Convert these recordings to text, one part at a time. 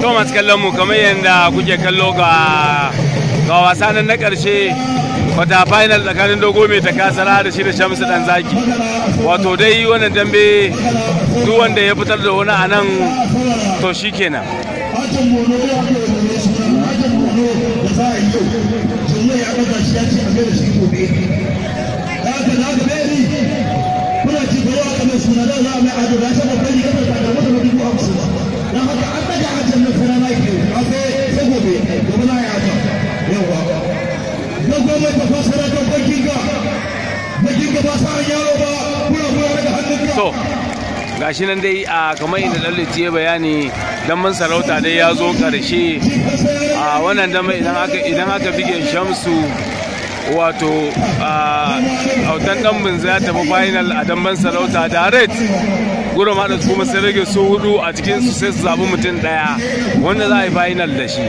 Thomas masu kallon mu kamar yadda kuke kallo ga ga wasa na karshe wata final tsakanin dogo mai takasara da shi da shamsu dan zaki wato dai wannan dambe duk wanda ya fitar da wani a nan to shi kenan don haka an daga ajiyar na kuma na ke an sai sai gobe gobe na ya ta yawa don gobe ta fasara don ta ka bakin ka ba sa yaro ba kura kura daga hannun ka gashi nan dai a kamar inda lallace bayani damban sarauta dai ya zo karshe a wannan damban idan aka idan aka bige shamsu wato a autan dambin za ta fi final a damban sarauta direct gudun ma da kuma sai rage su hudu a cikin su sai su zabi mutum daya wanda za a yi final da shi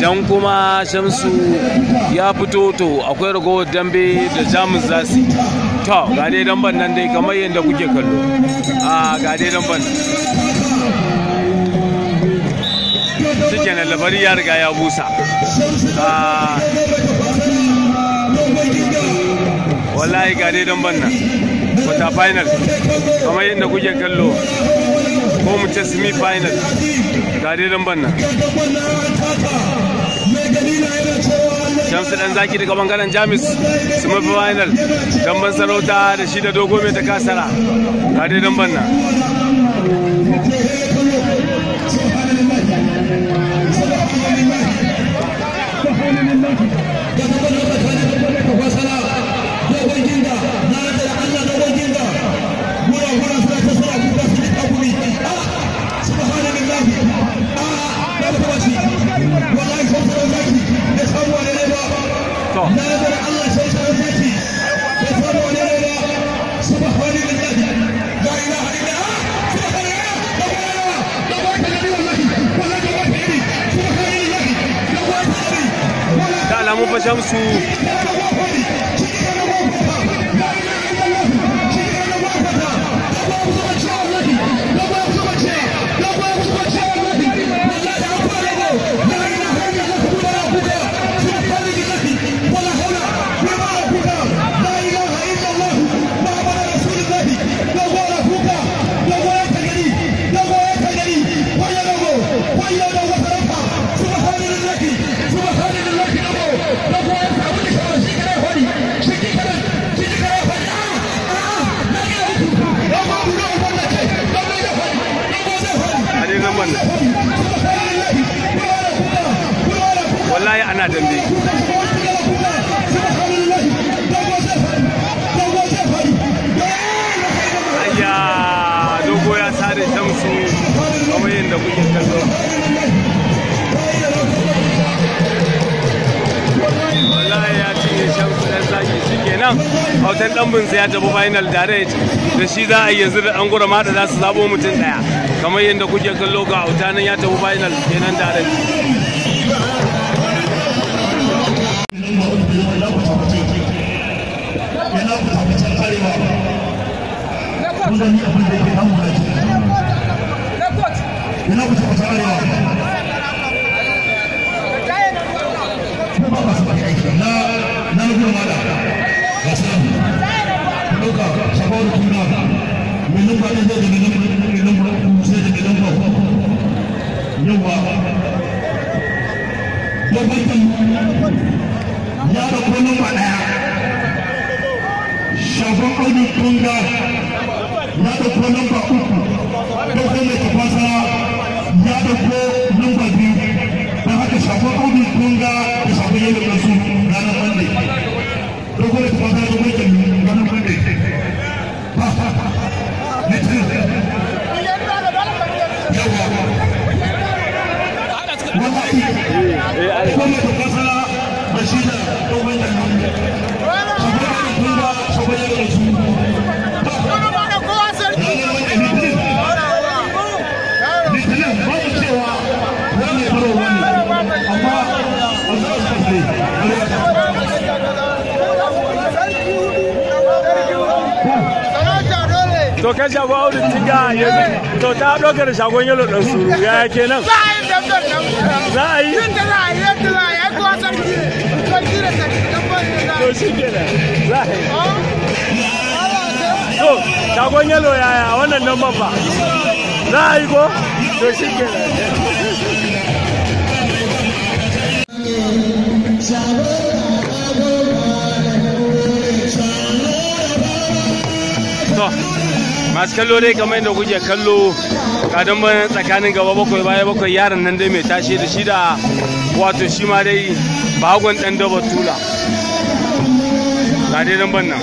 don kuma shamsu ya fito to akwai ragowar dambe da jamus za su to ga dai damban nan dai kamar yadda kuke kallo a ga dai damban suke na labari ya riga ya busa wallahi ga dai damban nan wata final kamar yadda kuke kallo ko mu ce semi final ga dai lambar nan shamsu dan zaki daga bangaren jamus semi final damban sarauta da shi da dogo mai ta kasara ga dai lambar nan vamos fazer um sul. da kuke kallo wallahi ya cinye shan kudin zaki shikenan hautan ya tafi final direct da shi za a yi yanzu da dan gura ma da za su zabo mutum daya kamar yadda kuke kallo ga hautan ya tafi final kenan direct ina ku taɓa ta arewa ko da ya da ba ɗauko lamba biyu don haka shafon audin kunga abokan shagon audu tiga to ta ɗaukar shagon yalo ɗan su ya ke nan za a yi dabbar za a yi yadda za a yi yadda za a yi yadda za a yi sarki da sarki to shi ke nan za a yi oh, to shagon yalo wannan nan za a yi ko to shi ke nan masu kallo dai kamar yadda kuke kallo kadan ban tsakanin gaba bakwai baya bakwai yaron nan dai mai tashe da shi da wato shi ma dai bagon dan daba tula ga dai dan ban nan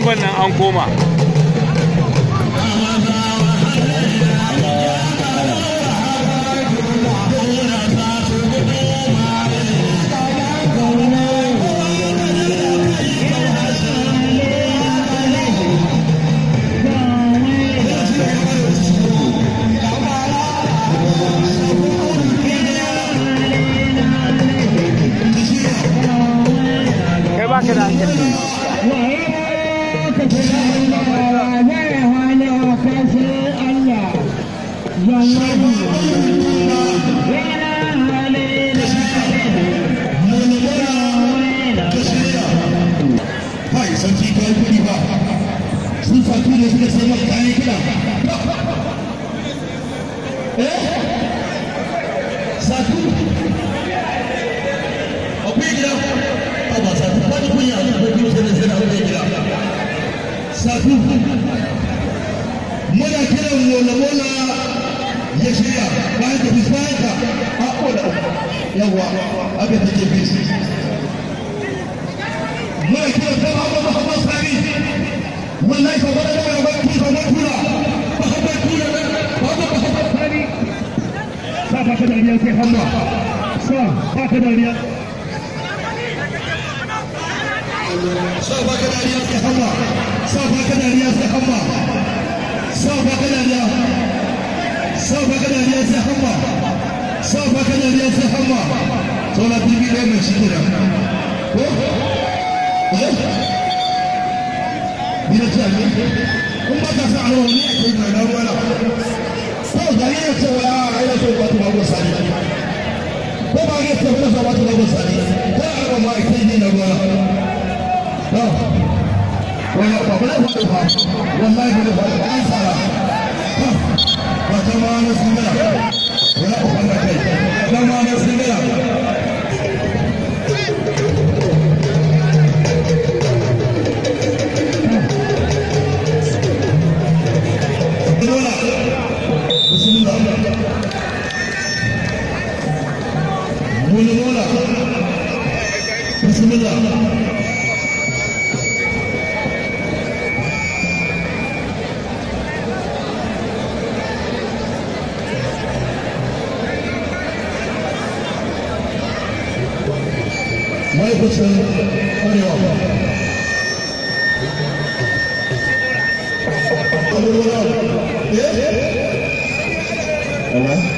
不能安固嘛。sabu muna kiran mola mola ya shirya bayan da bayan ka a koda yawa haka take fi muna kiran sama ba muhammad sani wallahi ka bada daga ba ki ba kula ba ka ba kula ba ba ba ba sani sa ba ka da riya sai hamma sa ba ka da riya sa ba ka da riya sai hamma sa ba ka sai hamma sa ba ka dariya sa ba sai hamma sa ba ka sai hamma saura tv ɗaya mai shi kenan ko eh bira kun ba ka sa alwa ne ake mai na ruwa da ne ya ce wa ya ina so ba ta babu sani ko ba ne ya ce ba ta babu sani ko a ba ma ake ne na ruwa wani kwakwai kwakwai ba wallahi kwakwai kwakwai an sara wata ma na sinira wani kwakwai da kai wata ma na sinira Bismillah. Bismillah. Allah.